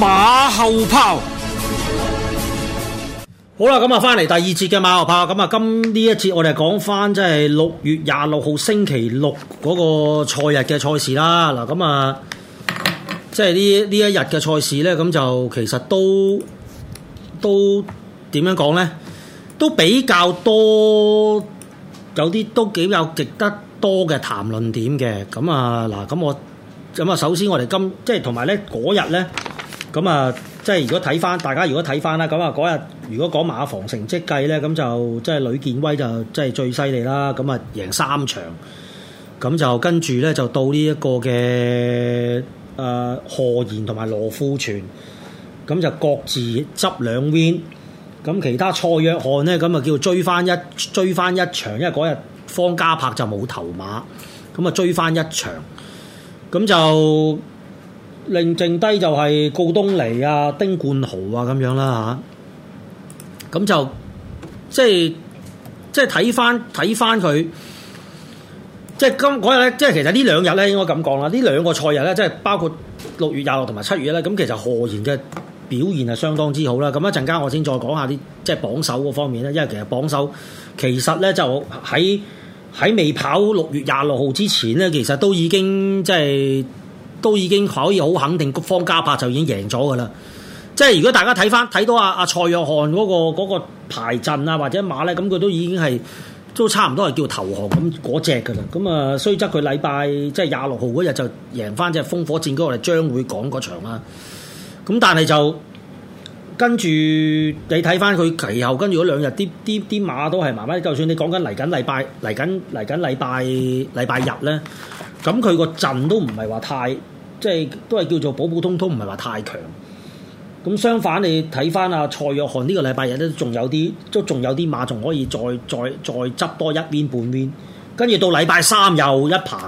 馬後炮好啦，咁啊，翻嚟第二節嘅馬後炮咁啊，今呢一節我哋講翻，即係六月廿六號星期六嗰個賽日嘅賽事啦。嗱，咁啊，即係呢呢一日嘅賽事咧，咁就其實都都點樣講咧？都比較多，有啲都幾有值得多嘅談論點嘅。咁啊，嗱，咁我咁啊，首先我哋今即係同埋咧嗰日咧。咁啊、嗯，即係如果睇翻大家如、嗯，如果睇翻啦，咁啊嗰日如果講馬房成績計咧，咁就即係呂建威就即係最犀利啦。咁啊贏三場，咁就跟住咧就到呢一個嘅誒賀賢同埋羅富全，咁就各自執兩 win。咁其他蔡約翰咧，咁啊叫追翻一追翻一，一場，因為嗰日方家柏就冇頭馬，咁啊追翻一場，咁就。令剩低就係告東尼啊、丁冠豪啊咁樣啦嚇，咁就即係即係睇翻睇翻佢，即係今日咧，即係其實呢兩日咧應該咁講啦。呢兩個賽日咧，即係包括六月廿六同埋七月咧，咁其實何然嘅表現係相當之好啦。咁一陣間我先再講下啲即係榜首嗰方面咧，因為其實榜首其實咧就喺喺未跑六月廿六號之前咧，其實都已經即係。都已經可以好肯定，方嘉柏就已經贏咗嘅啦。即係如果大家睇翻睇到阿、啊、阿、啊、蔡約翰嗰、嗰個排、嗰個、陣啊，或者馬咧，咁佢都已經係都差唔多係叫投降咁嗰隻嘅啦。咁啊，雖則佢禮拜即係廿六號嗰日就贏翻隻烽火戰嗰、嗰個嚟將會講嗰場啦。咁但係就跟住你睇翻佢其後跟住嗰兩日，啲啲啲馬都係慢慢。就算你講緊嚟緊禮拜嚟緊嚟緊禮拜禮拜日咧。呢咁佢個陣都唔係話太，即係都係叫做普普通通，唔係話太強。咁相反，你睇翻啊，蔡若翰呢個禮拜日咧，仲有啲，都仲有啲馬仲可以再再再執多一邊半邊，跟住到禮拜三又一棚。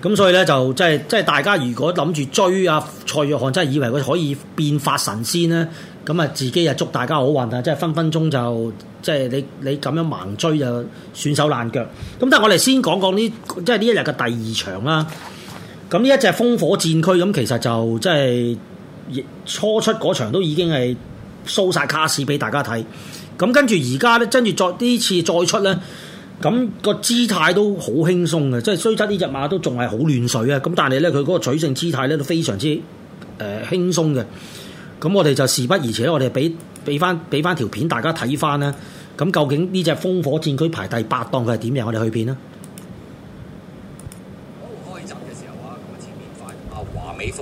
咁所以咧就即係即係大家如果諗住追啊，蔡若翰，真係以為佢可以變法神仙咧。咁啊，自己啊祝大家好運啊，即係分分鐘就即係你你咁樣盲追就損手爛腳。咁但係我哋先講講呢即係呢一日嘅第二場啦。咁呢一隻烽火戰區，咁其實就即係初出嗰場都已經係 show 曬卡士俾大家睇。咁跟住而家咧，跟住再呢次再出咧，咁個姿態都好輕鬆嘅，即係雖則呢隻馬都仲係好亂水啊。咁但係咧，佢嗰個取勝姿態咧都非常之誒、呃、輕鬆嘅。咁我哋就事不宜遲咧，我哋俾俾翻俾翻條片，大家睇翻啦。咁究竟呢隻《烽火戰區》排第八檔，佢係點樣？我哋去片啦。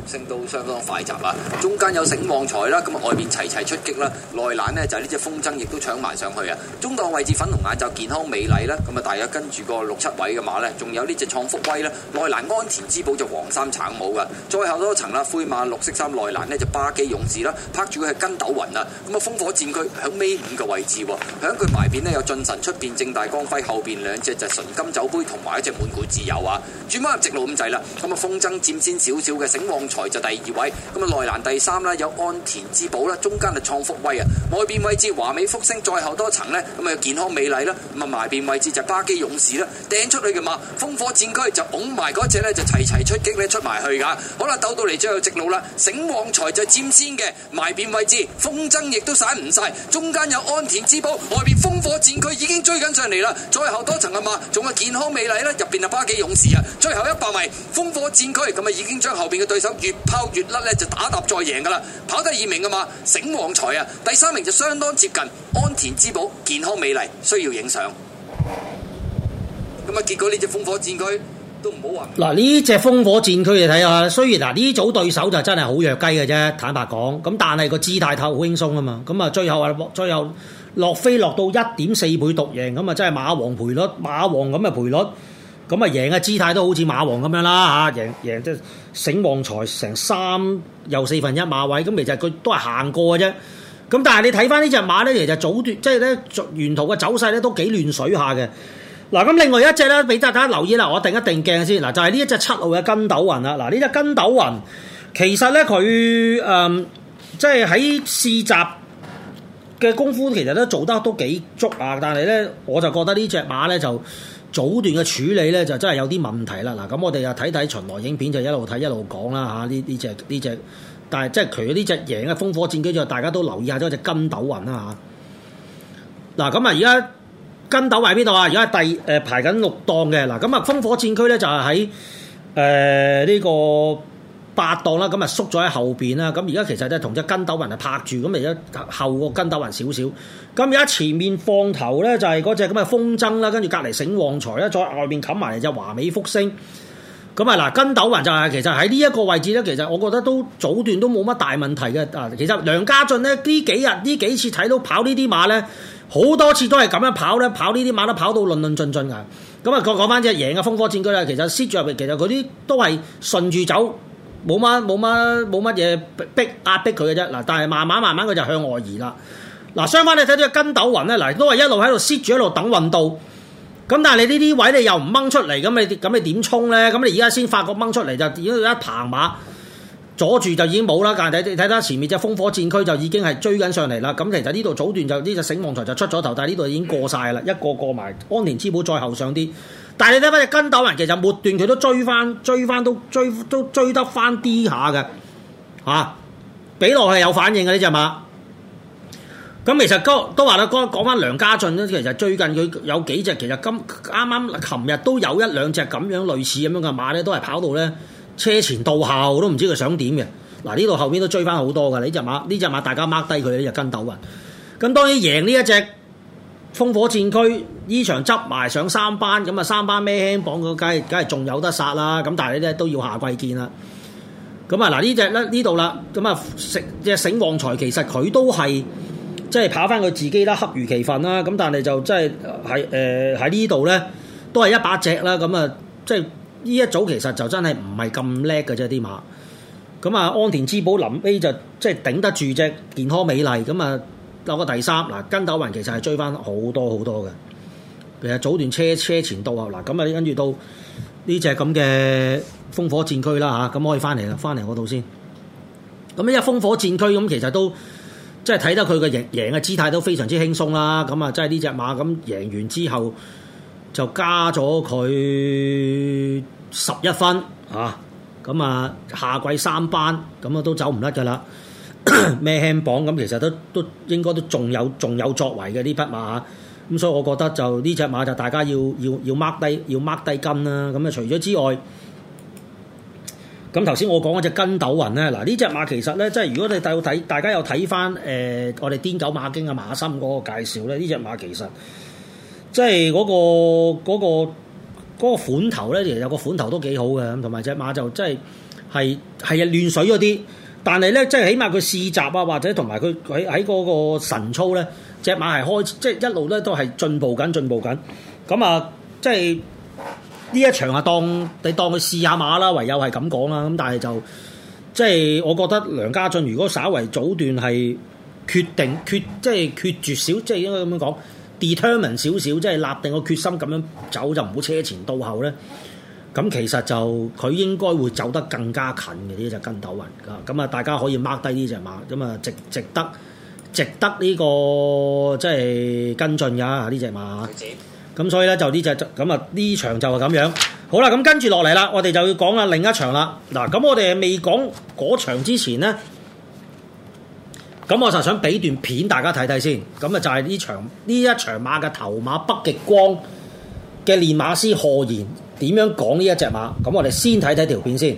升都相當快集啊！中間有醒旺財啦，咁啊外面齊齊出擊啦，內欄呢，就係呢隻風箏，亦都搶埋上去啊！中檔位置粉紅眼罩健康美麗啦，咁啊大家跟住個六七位嘅馬呢，仲有呢隻創福威啦，內欄安田之寶就黃衫橙帽噶，再後多一層啦，灰馬綠色衫內欄呢，就巴基勇士啦，拍住佢係筋斗雲啊！咁啊風火戰區響尾五個位置喎，響佢埋邊呢，有進神出邊正大光輝，後邊兩隻就純金酒杯同埋一隻滿貫自由啊！轉翻入直路咁滯啦，咁啊風箏佔先少少嘅醒旺。台就第二位，咁啊內欄第三啦，有安田之寶啦，中間啊創福威啊，外邊位置華美福星再後多層呢，咁啊健康美麗啦，咁啊埋邊位置就巴基勇士啦，掟出去嘅馬，烽火戰區就拱埋嗰隻呢，就齊齊出擊呢，出埋去噶，好啦鬥到嚟最後直路啦，醒旺財就佔先嘅，埋邊位置風箏亦都散唔晒，中間有安田之寶，外邊烽火戰區已經追緊上嚟啦，再後多層啊馬，仲有健康美麗咧，入邊係巴基勇士啊，最後一百米烽火戰區咁啊已經將後邊嘅對手。越拋越甩咧，就打搭再贏噶啦，跑得二名噶嘛，醒王財啊，第三名就相當接近安田之寶，健康美麗需要影相。咁啊，結果呢隻烽火戰區都唔好話。嗱，呢隻烽火戰區你睇下，雖然嗱呢組對手就真係好弱雞嘅啫，坦白講，咁但係個姿態睇好輕鬆啊嘛，咁啊最後啊，最後,最後落飛落到一點四倍獨贏，咁啊真係馬王賠率，馬王咁嘅賠率。咁啊，贏嘅姿態都好似馬王咁樣啦嚇，贏贏即係醒旺財成三又四分一馬位，咁其實佢都係行過嘅啫。咁但係你睇翻呢隻馬咧，其實早段即係咧沿途嘅走勢咧都幾亂水下嘅。嗱，咁另外一隻咧，俾大，大家留意啦，我定一定鏡先。嗱，就是，就係呢一隻七號嘅筋斗雲啦。嗱，呢隻筋斗雲其實咧佢誒即係喺試閘嘅功夫，其實都做得都幾足啊。但係咧，我就覺得隻呢隻馬咧就。早段嘅處理咧就真係有啲問題啦。嗱，咁我哋啊睇睇巡邏影片就一路睇一路講啦嚇，呢呢隻呢隻，但係即係佢呢隻贏嘅烽火戰區就大家都留意一下咗隻筋斗雲啦嚇。嗱，咁啊而家筋斗雲喺邊度啊？而家係第誒排緊六檔嘅。嗱，咁啊烽火戰區咧就係喺誒呢個。八檔啦，咁啊縮咗喺後邊啦。咁而家其實都係同隻筋斗雲係拍住咁，而家後個筋斗雲少少。咁而家前面放頭咧就係嗰隻咁嘅風箏啦，跟住隔離醒旺財咧，再外面冚埋嚟就華美福星咁啊嗱。筋斗雲就係、是、其實喺呢一個位置咧，其實我覺得都早段都冇乜大問題嘅啊。其實梁家俊咧呢幾日呢幾次睇到跑呢啲馬咧，好多次都係咁樣跑咧，跑呢啲馬都跑到論論盡盡㗎。咁啊，講講翻隻贏嘅風火戰駒啦。其實 sit 住入去，其實嗰啲都係順住走。冇乜冇乜冇乜嘢逼逼壓佢嘅啫，嗱，但係慢慢慢慢佢就向外移啦。嗱，相反你睇到個筋斗雲咧，嗱都係一路喺度 sit 住，一路等運到。咁但係你呢啲位你又唔掹出嚟，咁你咁你點衝咧？咁你而家先發覺掹出嚟就，就已經一棚馬阻住就已經冇啦。但係睇你睇前面隻烽火戰區就已經係追緊上嚟啦。咁其實呢度早段就呢隻醒望台就出咗頭，但係呢度已經過晒啦，一個過埋安田之寶再後上啲。但係你睇翻隻跟斗雲，啊，其實末段佢都追翻，追翻都追都追得翻啲下嘅嚇，畀落去係有反應嘅呢隻馬。咁其實都話啦，哥講翻梁家俊咧，其實最近佢有幾隻，其實今啱啱琴日都有一兩隻咁樣類似咁樣嘅馬咧，都係跑到咧車前到後，都唔知佢想點嘅。嗱呢度後邊都追翻好多嘅呢隻馬，呢隻馬大家 mark 低佢呢隻跟斗雲。咁當然贏呢一隻。烽火戰區呢場執埋上三班咁啊，三班咩輕磅嗰，梗係梗係仲有得殺啦。咁但係咧都要下季見啦。咁啊嗱，呢隻咧呢度啦，咁啊食隻醒旺財，其實佢都係即係跑翻佢自己啦，恰如其分啦。咁但係就即係喺誒喺呢度咧，都係一百隻啦。咁啊，即係呢一組其實就真係唔係咁叻嘅啫，啲馬。咁啊，安田之寶林 A 就即係頂得住隻，健康美麗咁啊。嗱，個第三嗱，跟斗雲其實係追翻好多好多嘅。其實早段車車前到啊。嗱，咁啊，跟住到呢隻咁嘅烽火戰區啦吓，咁可以翻嚟啦，翻嚟我度先。咁咧，一烽火戰區咁，其實都即係睇得佢嘅贏贏嘅姿態都非常之輕鬆啦。咁啊，即係呢隻馬咁贏完之後，就加咗佢十一分嚇。咁啊，下季三班咁啊，都走唔甩噶啦。咩輕磅咁，其實都都應該都仲有仲有作為嘅呢匹馬吓，咁所以我覺得就呢隻馬就大家要要要 mark 低要 mark 低筋啦。咁啊，除咗之外，咁頭先我講嗰隻筋斗雲咧，嗱呢隻馬其實咧，即係如果你有睇，大家有睇翻，誒，我哋癲狗馬經啊馬心嗰個介紹咧，呢隻馬其實即係嗰、嗰個、嗰個、嗰個嗰個款頭咧，其實有個款頭都幾好嘅，咁同埋隻馬就即係係係啊亂水嗰啲。但係咧，即係起碼佢試習啊，或者同埋佢喺喺嗰個神操咧，隻馬係開，即係一路咧都係進步緊，進步緊。咁啊，即係呢一場啊，當你當佢試下馬啦，唯有係咁講啦。咁但係就即係我覺得梁家俊如果稍為早段係決定決，即係決絕少，即係應該咁樣講，determine 少少，即係立定個決心咁樣走，就唔好車前到後咧。咁其實就佢應該會走得更加近嘅，呢隻筋斗雲，咁啊，大家可以 mark 低呢隻馬，咁啊，值得值得、這個、值得呢個即係跟進噶呢隻馬。咁、嗯、所以咧，就呢隻咁啊，呢場就係咁樣。好啦，咁跟住落嚟啦，我哋就要講下另一場啦。嗱，咁我哋未講嗰場之前呢，咁我就想俾段片大家睇睇先。咁啊，就係呢場呢一場馬嘅頭馬北極光嘅練馬師賀賢。點樣講呢一隻馬？咁我哋先睇睇條片先。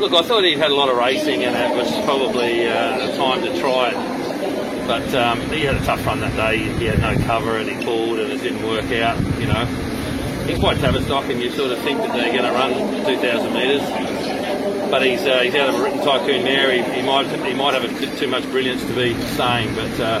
Look, I thought he'd had a lot of racing and it was probably, uh, a time to try it. But, um, he had a tough run that day. He had no cover, and he pulled, and it didn't work out. You know, he's quite Tavistock-y, you sort of think that they're gonna run 2000 metres. But he's, uh, he's out of a Written Tycoon there. He, he might, he might have a bit too much brilliance to be staying, but, uh,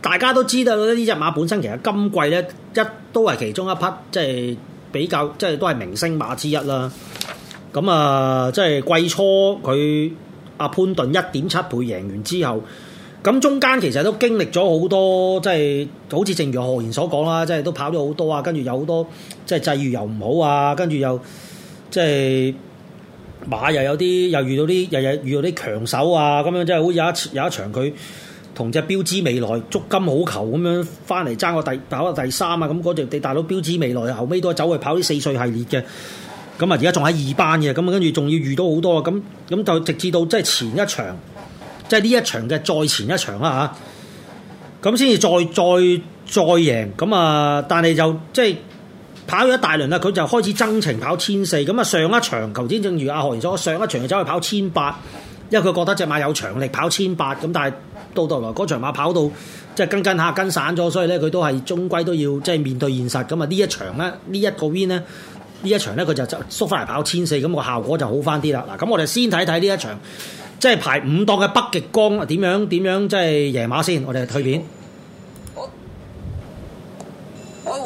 大家都知道呢隻馬本身其實今季咧一都係其中一匹，即係比較即係都係明星馬之一啦。咁啊，即係季初佢阿潘頓一點七倍贏完之後，咁中間其實都經歷咗好多，即係好似正如何言所講啦，即係都跑咗好多啊，跟住有好多即係際遇又唔好啊，跟住又即係馬又有啲又遇到啲日日遇到啲強手啊，咁樣即係好似有一有一場佢。同隻標志未來足金好球咁樣翻嚟爭個第跑個第三啊。咁嗰隻你大佬標志未來後尾都係走去跑啲四歲系列嘅，咁啊而家仲喺二班嘅，咁啊跟住仲要遇到好多啊。咁咁就直至到即係前一場，即係呢一場嘅再前一場啦嚇，咁先至再再再贏咁啊、嗯嗯，但係就即係跑咗一大輪啦，佢就開始增程跑千四咁啊。上一場頭先正如阿、啊、何賢所講，上一場又走去跑千八，因為佢覺得隻馬有長力跑千八咁，但係。到到來嗰場馬跑到即係跟跟下跟散咗，所以咧佢都係終歸都要即係面對現實咁啊！呢一場咧，一呢一個 win 咧，呢一場咧佢就縮翻嚟跑千四，咁個效果就好翻啲啦。嗱，咁我哋先睇睇呢一場，即係排五檔嘅北極光點樣點樣即係贏馬先，我哋去片。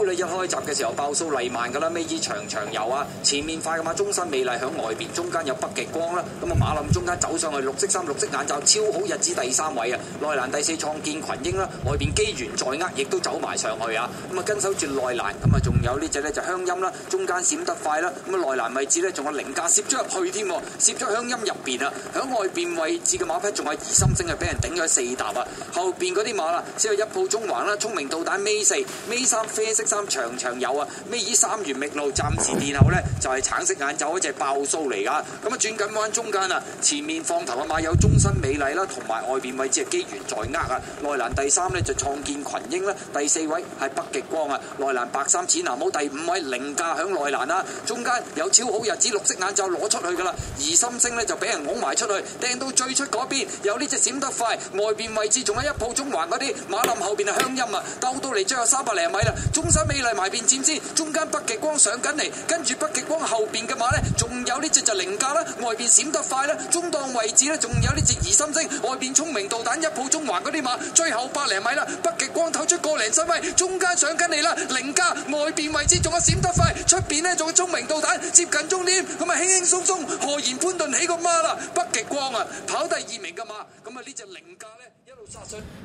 你一開閘嘅時候爆數黎曼噶啦，尾之長長游啊，前面快嘅馬，終身美麗響外邊，中間有北極光啦、啊，咁啊馬林中間走上去，綠色衫、綠色眼罩，超好日子第三位啊，內欄第四創建群英啦、啊，外邊機緣在握，亦都走埋上去啊，咁、嗯、啊跟守住內欄，咁啊仲有呢隻呢，就香音啦、啊，中間閃得快啦、啊，咁啊內欄位置呢，仲有凌駕攝咗入去添、啊，攝咗香音入邊啊，響外邊位置嘅馬匹仲係疑心症，啊，俾人頂咗四嗒啊，後邊嗰啲馬啦、啊，只有一鋪中環啦、啊，聰明到底尾四尾三啡色，色。三長長有啊，咩以三元秘路暫時墊後呢？就係、是、橙色眼罩一隻爆蘇嚟噶。咁啊轉緊彎中間啊，前面放頭啊，馬有終身美麗啦、啊，同埋外邊位置係機緣在握啊。內欄第三呢，就創建群英啦、啊，第四位係北極光啊。內欄白衫淺藍帽，第五位凌駕響內欄啊。中間有超好日子，綠色眼罩攞出去噶啦。而心星呢，就俾人拱埋出去，掟到最出嗰邊有呢隻閃得快，外邊位置仲有一鋪中環嗰啲馬林後邊係鄉音啊，兜到嚟最後三百零米啦，終身。美麗埋邊尖之，中間北極光上緊嚟，跟住北極光後邊嘅馬呢，仲有呢隻就凌駕啦，外邊閃得快啦，中檔位置呢，仲有呢隻疑心星，外邊聰明導彈一抱中環嗰啲馬，最後百零米啦，北極光透出過零身位，中間上緊嚟啦，凌駕外邊位置仲有閃得快，出邊呢仲有聰明導彈接近終點，咁啊輕輕鬆鬆，何言歡頓起個馬啦，北極光啊跑第二名嘅馬，咁啊呢隻凌駕呢？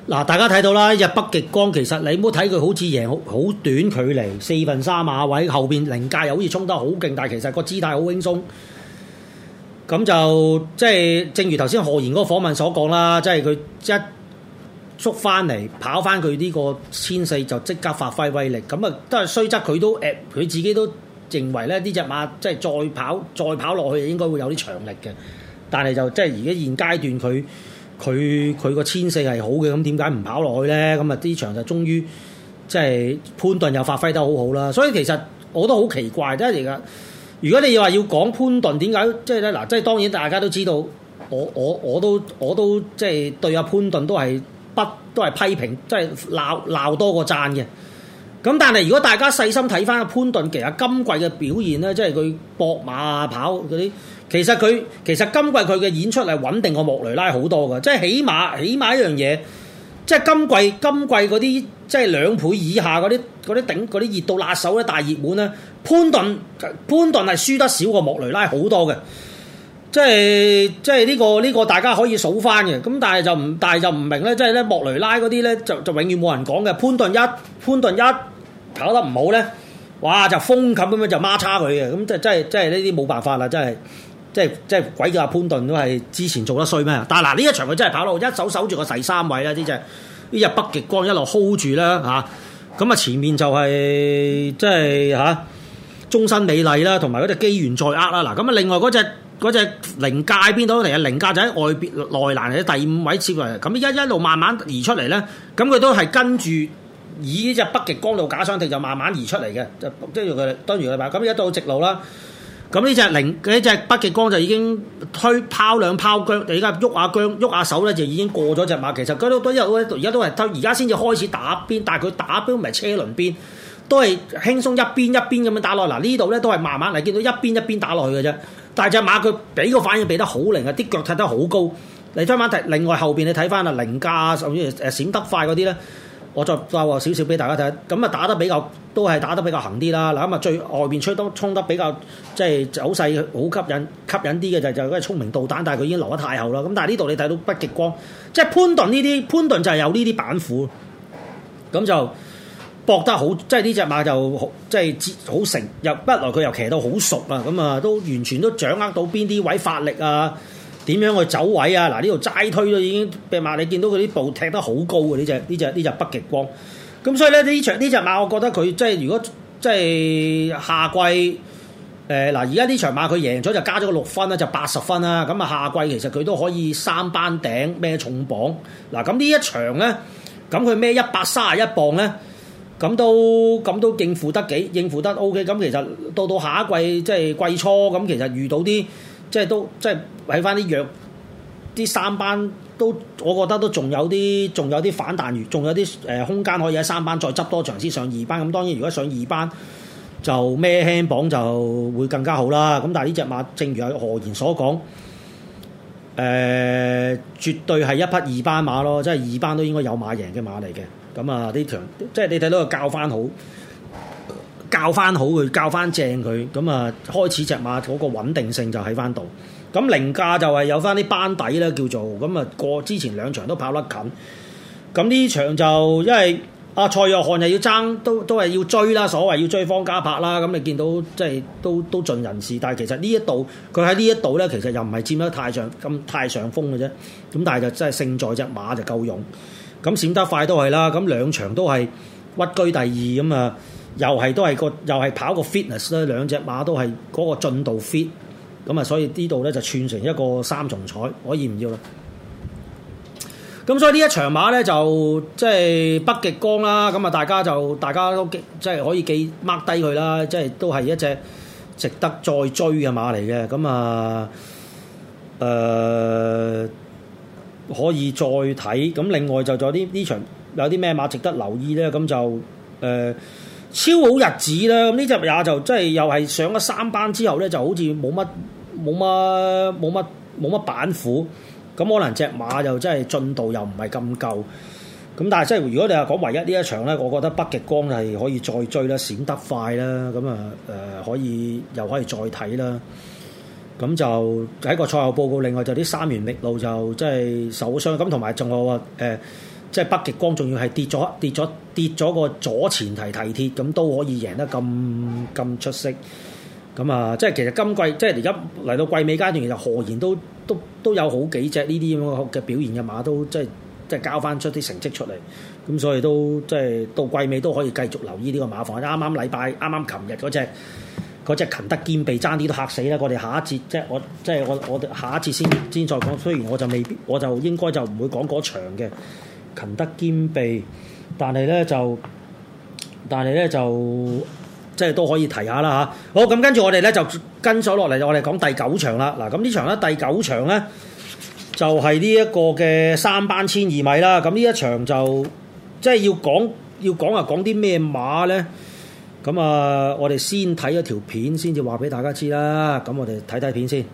嗱，大家睇到啦，日北極光，其實你唔好睇佢好似贏好短距離，四分三馬位後邊臨界又好似衝得好勁，但係其實個姿態好輕鬆。咁就即係，就是，正如頭先何賢嗰個訪問所講啦，即係佢一縮翻嚟跑翻佢呢個千四就即刻發揮威力。咁啊，雖都係雖則佢都誒，佢自己都認為咧，呢隻馬即係再跑再跑落去應該會有啲長力嘅，但係就即係而家現階段佢。佢佢個千四係好嘅，咁點解唔跑落去咧？咁啊，呢場就終於即係潘頓又發揮得好好啦。所以其實我都好奇怪，即係而家如果你話要講潘頓，點解即係咧嗱？即係當然大家都知道，我我我都我都即係對阿潘頓都係不都係批評，即係鬧鬧多過讚嘅。咁但係如果大家細心睇翻阿潘頓，其實今季嘅表現咧，即係佢駁馬跑嗰啲，其實佢其實今季佢嘅演出係穩定過莫雷拉好多嘅，即係起碼起碼一樣嘢，即係今季今季嗰啲即係兩倍以下嗰啲嗰啲頂啲熱到辣手咧大熱門咧，潘頓潘頓係輸得少過莫雷拉好多嘅。即係即係呢個呢、這個大家可以數翻嘅，咁但係就唔但係就唔明咧，即係咧莫雷拉嗰啲咧就就永遠冇人講嘅。潘頓一潘頓一跑得唔好咧，哇就封冚咁樣就孖叉佢嘅，咁即係即係即係呢啲冇辦法啦，真係即係即係鬼叫阿潘頓都係之前做得衰咩？但係嗱呢一場佢真係跑得一手守住個第三位啦，呢即呢啲北極光一路 hold 住啦嚇，咁啊前面就係、是、即係嚇、啊、終身美麗啦，同埋嗰隻機緣再呃啦，嗱咁啊另外嗰隻。嗰隻零界邊度嚟啊！零界就喺外邊內欄嘅第五位切入嚟，咁一一路慢慢移出嚟咧。咁佢都係跟住以呢隻北極光路假相跌，就慢慢移出嚟嘅，就即係佢當住嚟擺。咁而家到直路啦，咁呢隻零嗰隻北極光就已經推拋兩拋姜，而家喐下姜喐下手咧，就已經過咗隻馬。其實佢都一路，而家都係而家先至開始打邊，但係佢打邊唔係車輪邊，都係輕鬆一邊一邊咁樣打落。嗱，呢度咧都係慢慢嚟，見到一邊一邊打落去嘅啫。大隻馬佢俾個反應俾得好靈啊！啲腳踢得好高，你睇翻睇另外後邊，你睇翻啊，零價啊，甚至誒閃得快嗰啲咧，我再兜個少少俾大家睇，咁啊打得比較都係打得比較行啲啦。嗱，咁啊最外邊吹得衝得比較即係走勢好吸引吸引啲嘅就係、就嗰、係、個聰明導彈，但係佢已經留得太後啦。咁但係呢度你睇到北極光，即係潘頓呢啲潘頓就係有呢啲板斧，咁就。搏得好，即係呢隻馬就好，即係好成，又不來佢又騎到好熟啊！咁啊，都完全都掌握到邊啲位發力啊，點樣去走位啊！嗱，呢度齋推都已經咩馬？你見到佢啲步踢得好高啊。呢隻呢隻呢隻北極光。咁所以咧呢場呢隻馬，我覺得佢即係如果即係夏季，誒、呃、嗱，而家呢場馬佢贏咗就加咗個六分啦，就八十分啦。咁啊，夏季其實佢都可以三班頂咩重磅嗱。咁呢一場咧，咁佢咩一百三十一磅咧？咁都咁都應付得幾應付得 OK，咁其實到到下一季即係季初，咁其實遇到啲即係都即係喺返啲弱，啲三班都我覺得都仲有啲仲有啲反彈仲有啲誒、呃、空間可以喺三班再執多場先上二班。咁當然如果上二班就咩輕磅就會更加好啦。咁但係呢隻馬正如何言所講，誒、呃、絕對係一匹二班馬咯，即係二班都應該有馬贏嘅馬嚟嘅。咁啊！呢場即係你睇到佢教翻好，教翻好佢，教翻正佢。咁啊，開始隻馬嗰個穩定性就喺翻度。咁凌駕就係有翻啲班底啦，叫做咁啊。過之前兩場都跑得近，咁呢場就因為阿蔡約翰又要爭，都都係要追啦。所謂要追方嘉柏啦，咁你見到即係都都盡人事，但係其實呢一度佢喺呢一度咧，其實又唔係佔得太上咁太上風嘅啫。咁但係就真係勝在隻馬就夠勇。咁閃得快都係啦，咁兩場都係屈居第二咁啊，又係都係個又係跑個 fitness 啦，兩隻馬都係嗰個進度 fit，咁啊，所以呢度咧就串成一個三重彩，可以唔要啦。咁所以呢一場馬咧就即係北極光啦，咁啊大家就大家都即係可以記 mark 低佢啦，即係都係一隻值得再追嘅馬嚟嘅，咁啊誒。呃可以再睇，咁另外就仲有啲呢場有啲咩馬值得留意呢？咁就誒、呃、超好日子啦！咁呢隻也就真係又係上咗三班之後呢，就好似冇乜冇乜冇乜冇乜板斧。咁可能隻馬又真係進度又唔係咁夠。咁但係即係如果你話講唯一呢一場呢，我覺得北極光係可以再追啦，閃得快啦，咁啊誒可以又可以再睇啦。咁就喺個賽後報告，另外就啲三元秘路就即係受傷，咁同埋仲有誒，即係北極光，仲要係跌咗跌咗跌咗個左前蹄蹄鐵，咁都可以贏得咁咁出色。咁啊，即係其實今季即係而家嚟到季尾階段，其實何然都都都有好幾隻呢啲咁嘅表現嘅馬，都即係即係交翻出啲成績出嚟。咁所以都即係到季尾都可以繼續留意呢個馬房。啱啱禮拜，啱啱琴日嗰隻。嗰隻勤德兼備爭啲都嚇死啦！我哋下一節即係我即係我我哋下一節先先再講。雖然我就未必，我就應該就唔會講嗰場嘅勤德兼備，但係咧就但係咧就即係都可以提下啦吓、啊，好，咁跟住我哋咧就跟咗落嚟，就我哋講第九場啦。嗱，咁呢場咧第九場咧就係呢一個嘅三班千二米啦。咁呢一場就即係要講要講啊，講啲咩馬咧？咁啊！我哋先睇咗條片，先至話畀大家知啦。咁我哋睇睇片先。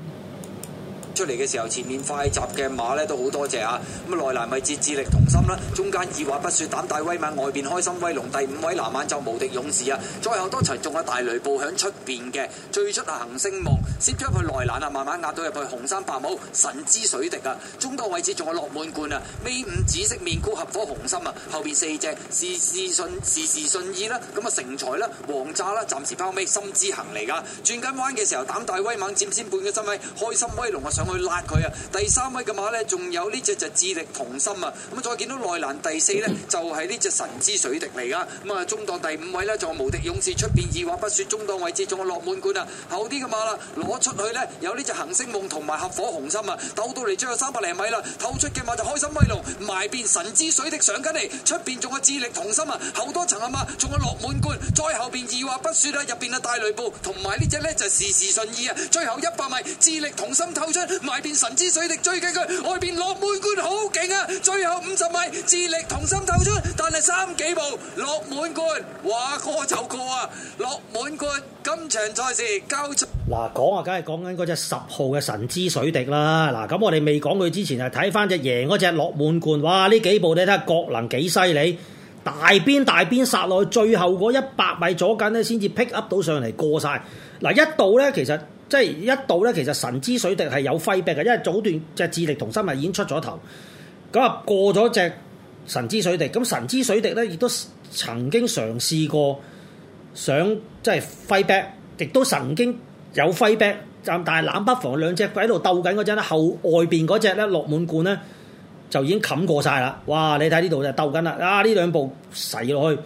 出嚟嘅時候，前面快閘嘅馬咧都好多謝啊！咁啊，內欄位置智力同心啦、啊，中間二話不說膽大威猛，外邊開心威龍第五位，慢慢就無敵勇士啊！最後多齊仲有大雷暴響出邊嘅，最出行星夢，先將佢內欄啊慢慢壓到入去紅山白帽神之水滴啊！中多位置仲有落滿貫啊！尾五紫色面箍合火紅心啊！後邊四隻事事順事事順意啦、啊，咁啊成才啦，王炸啦、啊，暫時包尾心之行嚟㗎，轉緊彎嘅時候膽大威猛佔先半個身位，開心威龍啊上！去拉佢啊！第三位嘅馬呢，仲有呢隻就智力同心啊！咁再見到內欄第四呢，就係呢隻神之水滴嚟噶。咁、嗯、啊，中檔第五位呢就無敵勇士，出邊二話不說，中檔位置仲有落滿冠啊！後啲嘅馬啦、啊，攞出去呢，有呢隻行星夢同埋合火雄心啊！鬥到嚟最後有三百零米啦，透出嘅馬就開心威龍，埋邊神之水滴上緊嚟，出邊仲有智力同心啊！後多層啊嘛，仲有落滿冠，再後邊二話不說啦、啊，入邊啊大雷暴同埋呢隻呢，就時時順意啊！最後一百米，智力同心透出。埋邊神之水滴追緊佢，外邊落滿冠，好勁啊！最後五十米，智力同心透出，但係三幾步落滿冠。話過就過啊！落滿冠，今場賽事交出嗱講啊，梗係講緊嗰隻十號嘅神之水滴啦！嗱，咁我哋未講佢之前，係睇翻隻贏嗰隻落滿冠。哇！呢幾步你睇下，郭能幾犀利，大邊大邊殺落去，最後嗰一百米左近咧，先至 pick up 到上嚟過晒。嗱，一度呢，其實。即係一度咧，其實神之水滴係有揮鞭嘅，因為早段隻智力同心啊已經出咗頭，咁啊過咗隻神之水滴，咁神之水滴咧亦都曾經嘗試過想即係揮鞭，亦都曾經有揮鞭，但但係冷不防兩隻喺度鬥緊嗰陣咧，後外邊嗰隻咧落滿罐咧就已經冚過晒啦！哇，你睇呢度就鬥緊啦，啊呢兩步使落去。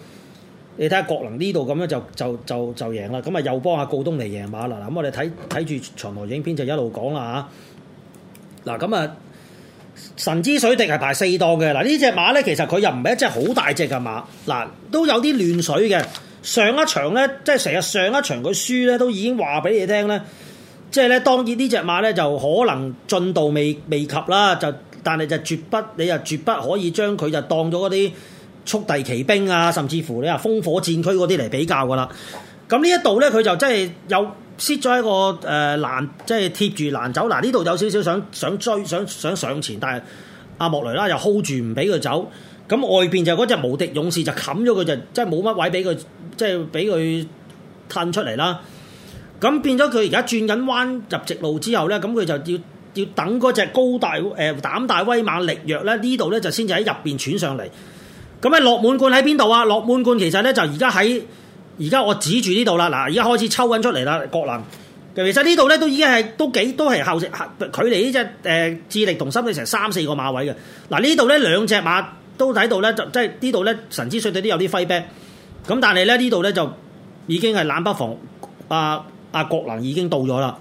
你睇下國能呢度咁樣就就就就贏啦，咁啊又幫阿告東尼贏馬啦，咁、嗯、我哋睇睇住場內影片就一路講啦嚇。嗱、啊，咁啊神之水滴係排四檔嘅，嗱呢隻馬咧其實佢又唔係一隻好大隻嘅馬，嗱都有啲亂水嘅。上一場咧，即係成日上一場佢輸咧，都已經話俾你聽咧，即係咧當然隻呢隻馬咧就可能進度未未及啦，就但係就絕不你又絕不可以將佢就當咗嗰啲。速遞奇兵啊，甚至乎你話風火戰區嗰啲嚟比較㗎啦。咁呢一度咧，佢就真係又 set 咗一個誒欄、呃，即係貼住欄走。嗱呢度有少少想想追，想想上前，但係阿、啊、莫雷拉又 hold 住唔俾佢走。咁外邊就嗰隻無敵勇士就冚咗佢，就即係冇乜位俾佢，即係俾佢褪出嚟啦。咁變咗佢而家轉緊彎入直路之後咧，咁佢就要要等嗰隻高大誒、呃、膽大威猛力弱咧呢度咧，就先至喺入邊喘上嚟。咁啊！落滿冠喺邊度啊？落滿冠其實咧就而家喺而家我指住呢度啦。嗱，而家開始抽緊出嚟啦。國林，其實呢度咧都已經係都幾都係後距離呢隻誒、呃、智力同心都成三四個馬位嘅。嗱，呢度咧兩隻馬都睇到咧，就即、是、係呢度咧神之水對啲有啲揮 b 咁，但係咧呢度咧就已經係冷不防阿、啊、阿、啊、國林已經到咗啦。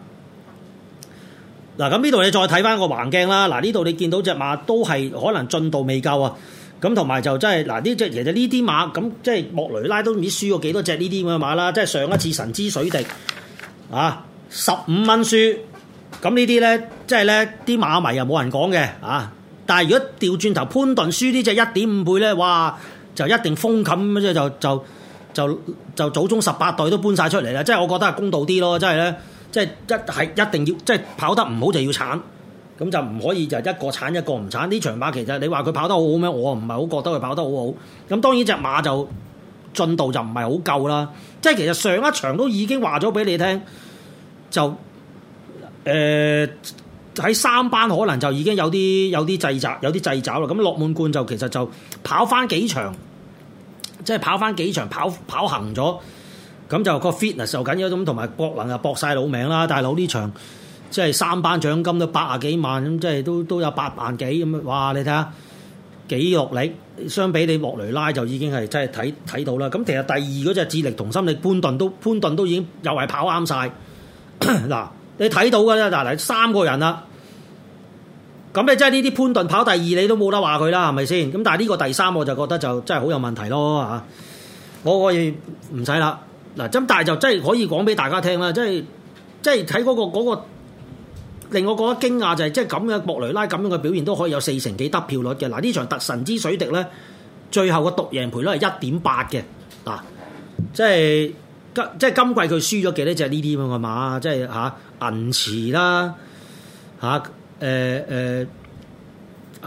嗱、啊，咁呢度你再睇翻個橫鏡啦。嗱、啊，呢度你見到隻馬都係可能進度未夠啊。咁同埋就真係嗱，呢隻其實呢啲馬咁即係莫雷拉都唔知輸過幾多隻呢啲咁嘅馬啦，即係上一次神之水滴啊，十五蚊輸。咁呢啲咧，即係咧啲馬迷又冇人講嘅啊。但係如果調轉頭潘頓輸呢隻一點五倍咧，哇！就一定封冚即就就就就，就祖宗十八代都搬晒出嚟啦。即係我覺得係公道啲咯，即係咧，即係一係一定要即係跑得唔好就要慘。咁就唔可以就一個產一個唔產。呢場馬其實你話佢跑得好好咩？我唔係好覺得佢跑得好好。咁當然隻馬就進度就唔係好夠啦。即係其實上一場都已經話咗俾你聽，就誒喺、呃、三班可能就已經有啲有啲滯雜有啲滯爪啦。咁落滿冠就其實就跑翻幾場，即係跑翻幾場跑跑行咗。咁就個 fitness 就緊要咁，同埋駒能又搏晒老命啦，大佬呢場。即係三班獎金都百啊幾萬咁，即係都都有八萬幾咁。哇！你睇下幾落力，相比你莫雷拉就已經係即係睇睇到啦。咁其實第二嗰隻、那個、智力同心力潘頓都潘頓都已經又係跑啱晒。嗱，你睇到㗎啦，嗱嚟三個人啊。咁你即係呢啲潘頓跑第二，你都冇得話佢啦，係咪先？咁但係呢個第三我就覺得就真係好有問題咯嚇。我可以唔使啦。嗱，咁但係就真係可以講俾大家聽啦，即係即係睇嗰個嗰個。那個令我覺得驚訝就係、是，即係咁樣莫雷拉咁樣嘅表現都可以有四成幾得票率嘅。嗱，呢場特神之水滴咧，最後個獨贏賠率係一點八嘅。嗱、啊，即係今即係今季佢輸咗幾多隻呢啲咁嘅馬？即係嚇、啊、銀池啦，嚇誒誒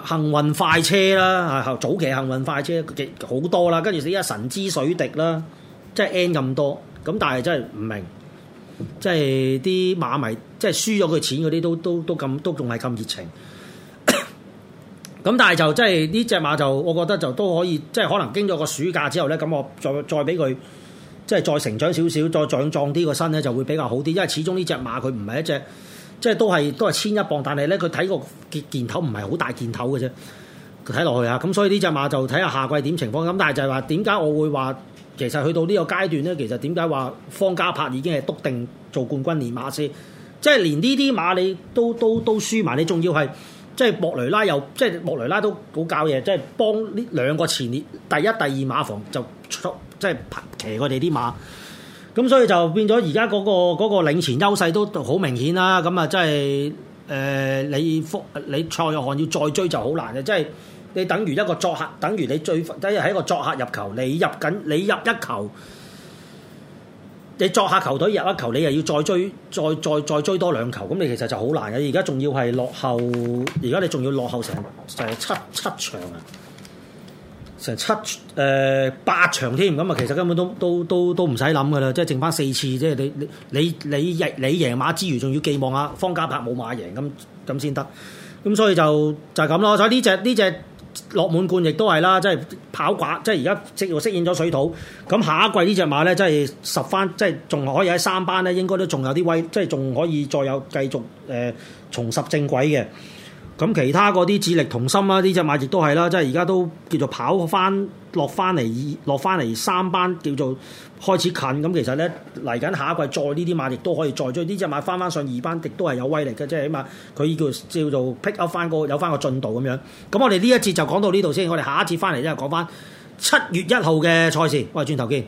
幸運快車啦，嚇、啊、早期幸運快車好多啦，跟住死啊神之水滴啦，即係 N 咁多，咁但係真係唔明，即係啲馬迷。即係輸咗佢錢嗰啲都都都咁都仲係咁熱情咁， 但係就即係呢隻馬就我覺得就都可以即係可能經咗個暑假之後咧，咁我再再俾佢即係再成長少少，再長壯啲個身咧就會比較好啲。因為始終呢隻馬佢唔係一隻即係都係都係千一磅，但係咧佢睇個件頭唔係好大件頭嘅啫。佢睇落去啊，咁所以呢隻馬就睇下下季點情況咁。但係就係話點解我會話其實去到呢個階段咧，其實點解話方家柏已經係篤定做冠軍練馬師？即係連呢啲馬你都都都輸埋，你仲要係即係莫雷拉又即係莫雷拉都好搞嘢，即係幫呢兩個前列第一、第二馬房就出即係騎佢哋啲馬。咁所以就變咗而家嗰個嗰個領前優勢都好明顯啦。咁啊、就是，即係誒你富你蔡約翰要再追就好難嘅，即係你等於一個作客，等於你最即係喺一個作客入球，你入緊你入一球。你作下球隊入一球，你又要再追，再再再追多兩球，咁你其實就好難嘅。而家仲要係落後，而家你仲要落後成成七七場啊，成七誒、呃、八場添。咁啊，其實根本都都都都唔使諗㗎喇，即係剩返四次，即係你你你你贏你贏馬之餘，仲要寄望阿方嘉柏冇馬贏咁咁先得。咁所以就就係咁咯。所以呢隻呢隻，這個落滿冠亦都係啦，即係跑寡，即係而家適適應咗水土。咁下一季隻呢隻馬咧，即係十翻，即係仲可以喺三班咧，應該都仲有啲威，即係仲可以再有繼續誒、呃、重拾正軌嘅。咁其他嗰啲志力同心啦，呢隻馬亦都係啦，即係而家都叫做跑翻落翻嚟，落翻嚟三班叫做開始近。咁其實咧嚟緊下一季再呢啲馬亦都可以再追呢隻馬，翻翻上二班，亦都係有威力嘅。即係起碼佢叫叫做 pick up 翻個有翻個進度咁樣。咁我哋呢一節就講到呢度先，我哋下一節翻嚟即係講翻七月一號嘅賽事。喂，轉頭見。